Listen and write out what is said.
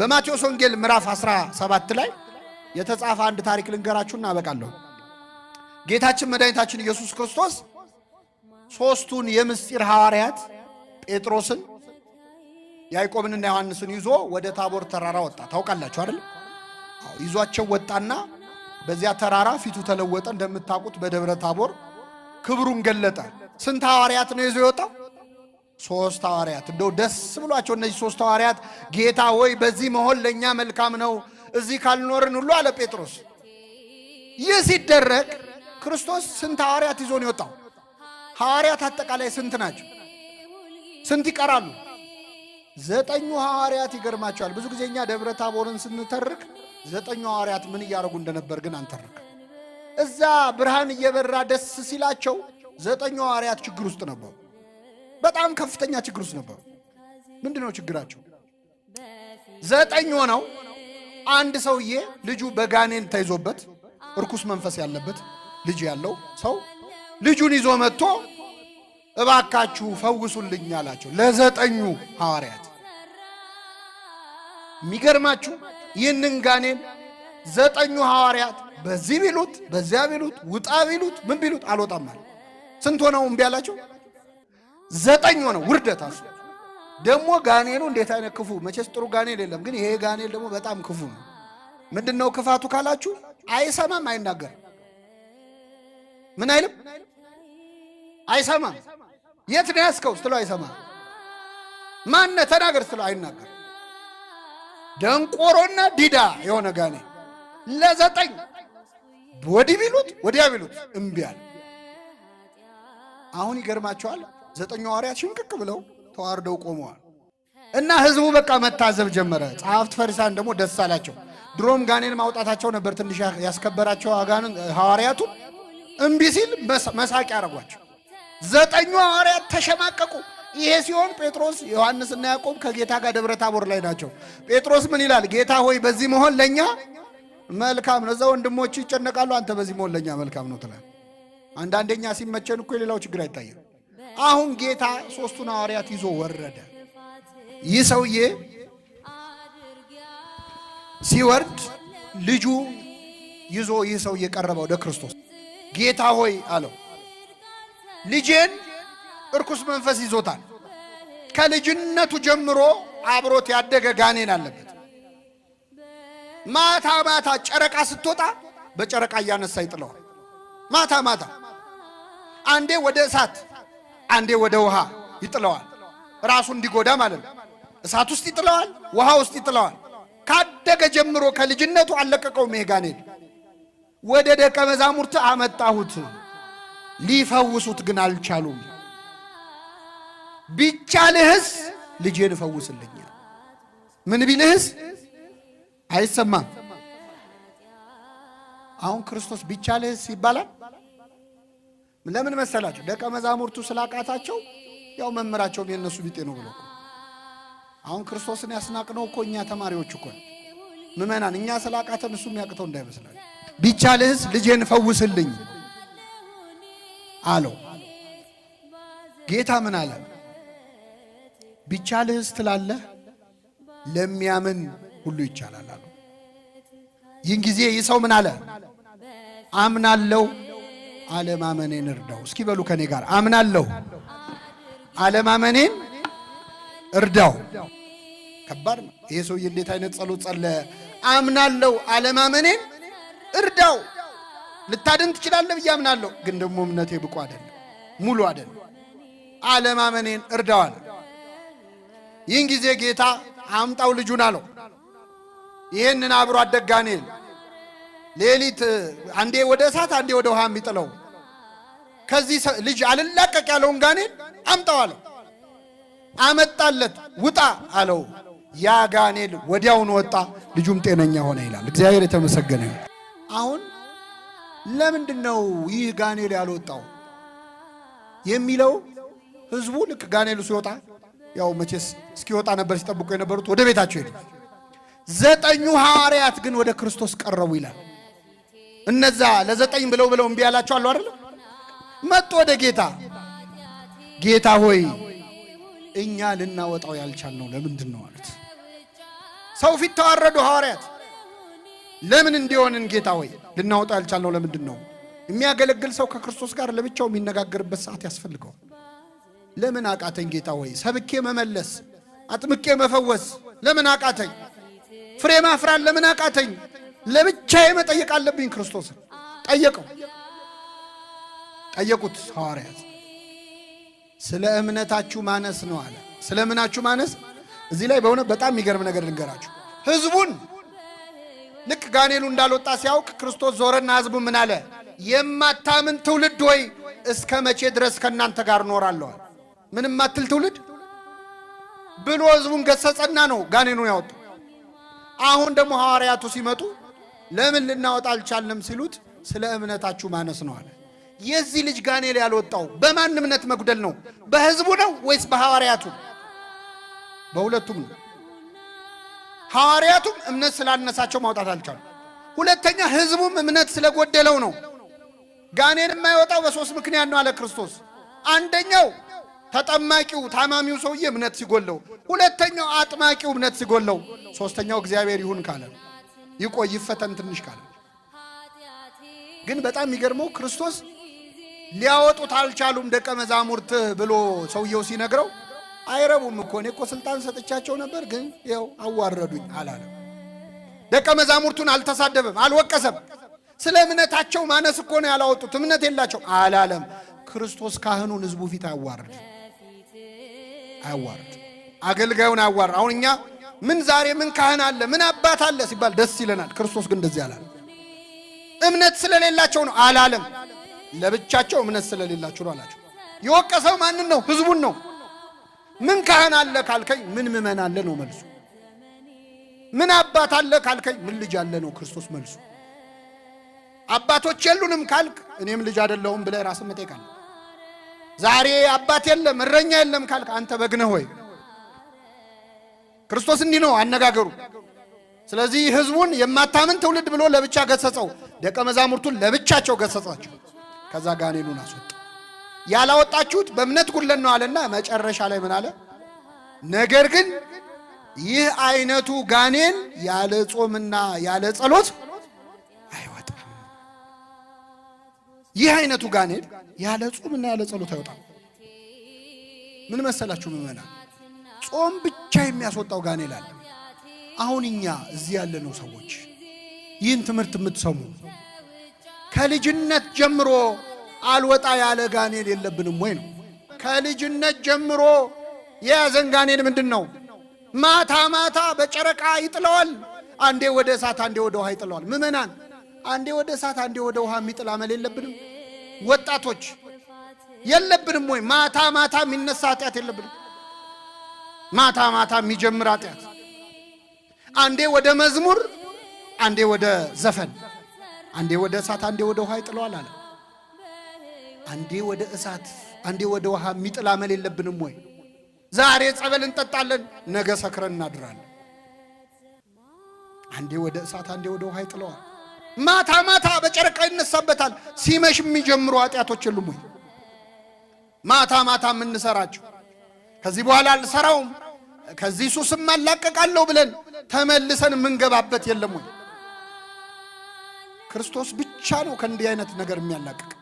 በማቴዎስ ወንጌል ምዕራፍ 17 ላይ የተጻፈ አንድ ታሪክ ልንገራችሁ እናበቃለሁ። ጌታችን መድኃኒታችን ኢየሱስ ክርስቶስ ሦስቱን የምስጢር ሐዋርያት ጴጥሮስን፣ ያዕቆብንና ዮሐንስን ይዞ ወደ ታቦር ተራራ ወጣ። ታውቃላችሁ አይደል? ይዟቸው ወጣና በዚያ ተራራ ፊቱ ተለወጠ። እንደምታውቁት በደብረ ታቦር ክብሩን ገለጠ። ስንት ሐዋርያት ነው ይዞ የወጣው? ሶስት ሐዋርያት እንደው ደስ ብሏቸው እነዚህ ሶስት ሐዋርያት ጌታ ወይ በዚህ መሆን ለእኛ መልካም ነው፣ እዚህ ካልኖርን ሁሉ አለ ጴጥሮስ። ይህ ሲደረግ ክርስቶስ ስንት ሐዋርያት ይዞ ነው የወጣው? ሐዋርያት አጠቃላይ ስንት ናቸው? ስንት ይቀራሉ? ዘጠኙ ሐዋርያት ይገርማቸዋል። ብዙ ጊዜ እኛ ደብረ ታቦርን ስንተርክ ዘጠኙ ሐዋርያት ምን እያደረጉ እንደነበር ግን አንተርክ። እዛ ብርሃን እየበራ ደስ ሲላቸው ዘጠኙ ሐዋርያት ችግር ውስጥ ነበሩ። በጣም ከፍተኛ ችግር ውስጥ ነበሩ። ምንድን ነው ችግራቸው? ዘጠኝ ሆነው አንድ ሰውዬ ልጁ በጋኔን ተይዞበት እርኩስ መንፈስ ያለበት ልጅ ያለው ሰው ልጁን ይዞ መጥቶ እባካችሁ ፈውሱልኝ አላቸው ለዘጠኙ ሐዋርያት። የሚገርማችሁ ይህንን ጋኔን ዘጠኙ ሐዋርያት በዚህ ቢሉት በዚያ ቢሉት ውጣ ቢሉት ምን ቢሉት አልወጣም አለ። ስንት ሆነው እምቢ አላቸው? ዘጠኝ ሆነ ውርደት አሱ ደግሞ ጋኔሉ እንዴት አይነት ክፉ መቼስ ጥሩ ጋኔል የለም ግን ይሄ ጋኔል ደግሞ በጣም ክፉ ነው ምንድን ነው ክፋቱ ካላችሁ አይሰማም አይናገርም ምን አይልም አይሰማም የት ነው ያስከው ስትለው አይሰማም ማነ ተናገር ስትለው አይናገር ደንቆሮና ዲዳ የሆነ ጋኔል ለዘጠኝ ወዲህ ቢሉት ወዲያ ቢሉት እምቢያል አሁን ይገርማቸዋል ዘጠኙ ሐዋርያት ሽምቅቅ ብለው ተዋርደው ቆመዋል። እና ህዝቡ በቃ መታዘብ ጀመረ። ጸሐፍት ፈሪሳን ደግሞ ደስ አላቸው። ድሮም ጋኔን ማውጣታቸው ነበር ትንሽ ያስከበራቸው አጋንን ሐዋርያቱ እምቢ ሲል መሳቅ ያደረጓቸው። ዘጠኙ ሐዋርያት ተሸማቀቁ። ይሄ ሲሆን ጴጥሮስ ዮሐንስና ያዕቆብ ከጌታ ጋር ደብረ ታቦር ላይ ናቸው። ጴጥሮስ ምን ይላል? ጌታ ሆይ በዚህ መሆን ለእኛ መልካም ነው። እዛ ወንድሞች ይጨነቃሉ፣ አንተ በዚህ መሆን ለእኛ መልካም ነው ትላል። አንዳንደኛ ሲመቸን እኮ የሌላው ችግር አይታየም። አሁን ጌታ ሶስቱን ሐዋርያት ይዞ ወረደ። ይህ ሰውዬ ሲወርድ ልጁ ይዞ ይህ ሰው ቀረበ ወደ ክርስቶስ። ጌታ ሆይ አለው ልጄን እርኩስ መንፈስ ይዞታል። ከልጅነቱ ጀምሮ አብሮት ያደገ ጋኔን አለበት። ማታ ማታ ጨረቃ ስትወጣ በጨረቃ እያነሳ ይጥለዋል። ማታ ማታ አንዴ ወደ እሳት አንዴ ወደ ውሃ ይጥለዋል። ራሱ እንዲጎዳ ማለት ነው። እሳት ውስጥ ይጥለዋል፣ ውሃ ውስጥ ይጥለዋል። ካደገ ጀምሮ ከልጅነቱ አለቀቀው። ሜጋኔል ወደ ደቀ መዛሙርት አመጣሁት፣ ሊፈውሱት ግን አልቻሉም። ቢቻልህስ ልጄን እፈውስልኛል። ምን ቢልህስ አይሰማም። አሁን ክርስቶስ ቢቻልህስ ይባላል። ለምን መሰላቸው? ደቀ መዛሙርቱ ስላቃታቸው ያው መምህራቸውም የነሱ ቢጤ ነው ብሎ አሁን ክርስቶስን ያስናቅነው እኮ እኛ ተማሪዎች እኮ ምእመናን፣ እኛ ስላቃተን እሱ የሚያቅተው እንዳይመስላል። ቢቻልህስ ልጄን ፈውስልኝ አለው። ጌታ ምን አለ? ቢቻልህስ ትላለህ፣ ለሚያምን ሁሉ ይቻላል አሉ። ይህን ጊዜ ይህ ሰው ምን አለ? አምናለው አለማመኔን እርዳው። እስኪ በሉ ከኔ ጋር አምናለሁ፣ አለማመኔን እርዳው። ከባድ ነው። ይሄ ሰውዬ እንዴት አይነት ጸሎት ጸለየ! አምናለሁ፣ አለማመኔን እርዳው። ልታድን ትችላለህ ብዬ አምናለሁ፣ ግን ደግሞ እምነቴ ብቁ አይደለም፣ ሙሉ አይደለም። አለማመኔን እርዳው አለ። ይህን ጊዜ ጌታ አምጣው ልጁን አለው። ይህንን አብሮ አደጋኔ ሌሊት አንዴ ወደ እሳት አንዴ ወደ ውሃ የሚጥለው ከዚህ ልጅ አልላቀቅ ያለውን ጋኔን አምጣው አለው። አመጣለት ውጣ አለው። ያ ጋኔን ወዲያውን ወጣ፣ ልጁም ጤነኛ ሆነ ይላል። እግዚአብሔር የተመሰገነ አሁን ለምንድን ነው ይህ ጋኔል ያልወጣው የሚለው ህዝቡ ልክ ጋኔሉ ሲወጣ ያው መቼስ እስኪወጣ ነበር ሲጠብቁ የነበሩት ወደ ቤታቸው ሄዱ። ዘጠኙ ሐዋርያት ግን ወደ ክርስቶስ ቀረቡ ይላል። እነዛ ለዘጠኝ ብለው ብለው እምቢ ያላቸው አሉ አይደል? መጡ ወደ ጌታ። ጌታ ሆይ እኛ ልናወጣው ነው ለምንድን ነው አሉት። ሰው ፊት ተዋረዱ ሐዋርያት። ለምን እንዲሆንን ጌታ ሆይ ልናወጣው ነው ለምንድን ነው? የሚያገለግል ሰው ከክርስቶስ ጋር ለብቻው የሚነጋገርበት ሰዓት ያስፈልገዋል። ለምን አቃተኝ ጌታ ሆይ? ሰብኬ መመለስ፣ አጥምቄ መፈወስ ለምን አቃተኝ? ፍሬ ማፍራት ለምን አቃተኝ? ለብቻዬ መጠየቅ አለብኝ ክርስቶስን። ጠየቀው ጠየቁት ሐዋርያት ስለ እምነታችሁ ማነስ ነው አለ። ስለ እምናችሁ ማነስ እዚህ ላይ በእውነት በጣም የሚገርም ነገር ልንገራችሁ። ህዝቡን ልክ ጋኔሉ እንዳልወጣ ሲያውቅ ክርስቶስ ዞረና ህዝቡ ምን አለ? የማታምን ትውልድ ወይ እስከ መቼ ድረስ ከእናንተ ጋር እኖራለዋል? ምንም ማትል ትውልድ ብሎ ህዝቡን ገሰጸና ነው ጋኔኑን ያወጡ። አሁን ደግሞ ሐዋርያቱ ሲመጡ ለምን ልናወጣ አልቻልንም ሲሉት ስለ እምነታችሁ ማነስ ነው አለ። የዚህ ልጅ ጋኔል ያልወጣው በማን እምነት መጉደል ነው? በህዝቡ ነው ወይስ በሐዋርያቱ? በሁለቱም ነው። ሐዋርያቱም እምነት ስላነሳቸው ማውጣት አልቻሉ። ሁለተኛ ህዝቡም እምነት ስለጎደለው ነው። ጋኔን የማይወጣው በሶስት ምክንያት ነው አለ ክርስቶስ። አንደኛው ተጠማቂው ታማሚው ሰውዬ እምነት ሲጎለው፣ ሁለተኛው አጥማቂው እምነት ሲጎለው፣ ሶስተኛው እግዚአብሔር ይሁን ካለ ይቆይ ይፈተን ትንሽ ካለ ግን በጣም የሚገርመው ክርስቶስ ሊያወጡት አልቻሉም ደቀ መዛሙርትህ ብሎ ሰውየው ሲነግረው አይረቡም እኮ እኔ እኮ ስልጣን ሰጥቻቸው ነበር ግን ያው አዋረዱኝ አላለ። ደቀ መዛሙርቱን አልተሳደበም፣ አልወቀሰም። ስለ እምነታቸው ማነስ እኮ ነው ያላወጡት እምነት የላቸው አላለም። ክርስቶስ ካህኑን ህዝቡ ፊት አያዋርድ አያዋርድ አገልጋዩን አያዋርድ። አሁን እኛ ምን ዛሬ ምን ካህን አለ ምን አባት አለ ሲባል ደስ ይለናል። ክርስቶስ ግን እንደዚህ አላለም። እምነት ስለሌላቸው ነው አላለም። ለብቻቸው እምነት ስለሌላቸው ነው አላቸው። የወቀሰው ማንን ነው? ህዝቡን ነው። ምን ካህን አለ ካልከኝ ምን ምእመን አለ ነው መልሱ። ምን አባት አለ ካልከኝ ምን ልጅ አለ ነው ክርስቶስ መልሱ። አባቶች የሉንም ካልክ እኔም ልጅ አይደለሁም ብለህ ራስን መጠየቅ አለ። ዛሬ አባት የለም እረኛ የለም ካልክ አንተ በግ ነህ ወይ? ክርስቶስ እንዲህ ነው አነጋገሩ። ስለዚህ ህዝቡን የማታምን ትውልድ ብሎ ለብቻ ገሰጸው። ደቀ መዛሙርቱን ለብቻቸው ገሰጻቸው። ከዛ ጋኔኑን አስወጣ። ያላወጣችሁት በእምነት ጉድለት ነው አለና መጨረሻ ላይ ምን አለ? ነገር ግን ይህ አይነቱ ጋኔን ያለ ጾምና ያለ ጸሎት አይወጣም። ይህ አይነቱ ጋኔን ያለ ጾምና ያለ ጸሎት አይወጣም። ምን መሰላችሁ ምመና ጾም ብቻ የሚያስወጣው ጋኔል አለ። አሁን እኛ እዚህ ያለነው ሰዎች ይህን ትምህርት የምትሰሙ ከልጅነት ጀምሮ አልወጣ ያለ ጋኔል የለብንም ወይ ነው? ከልጅነት ጀምሮ የያዘን ጋኔል ምንድን ነው? ማታ ማታ በጨረቃ ይጥለዋል። አንዴ ወደ እሳት፣ አንዴ ወደ ውሃ ይጥለዋል። ምዕመናን፣ አንዴ ወደ እሳት፣ አንዴ ወደ ውሃ የሚጥል አመል የለብንም። ወጣቶች የለብንም ወይ? ማታ ማታ የሚነሳ ኃጢአት የለብንም። ማታ ማታ የሚጀምር ኃጢአት፣ አንዴ ወደ መዝሙር፣ አንዴ ወደ ዘፈን፣ አንዴ ወደ እሳት፣ አንዴ ወደ ውሃ ይጥለዋል አለ። አንዴ ወደ እሳት፣ አንዴ ወደ ውሃ የሚጥል አመል የለብንም ወይ? ዛሬ ጸበል እንጠጣለን፣ ነገ ሰክረን እናድራለን። አንዴ ወደ እሳት፣ አንዴ ወደ ውሃ ይጥለዋል። ማታ ማታ በጨረቃ ይነሳበታል። ሲመሽ የሚጀምሩ ኃጢአቶች የሉም ወይ? ማታ ማታ የምንሰራቸው ከዚህ በኋላ አልሰራውም፣ ከዚህ ሱስም አላቀቃለሁ ብለን ተመልሰን የምንገባበት የለም ወይ? ክርስቶስ ብቻ ነው ከእንዲህ አይነት ነገር የሚያላቅቅ።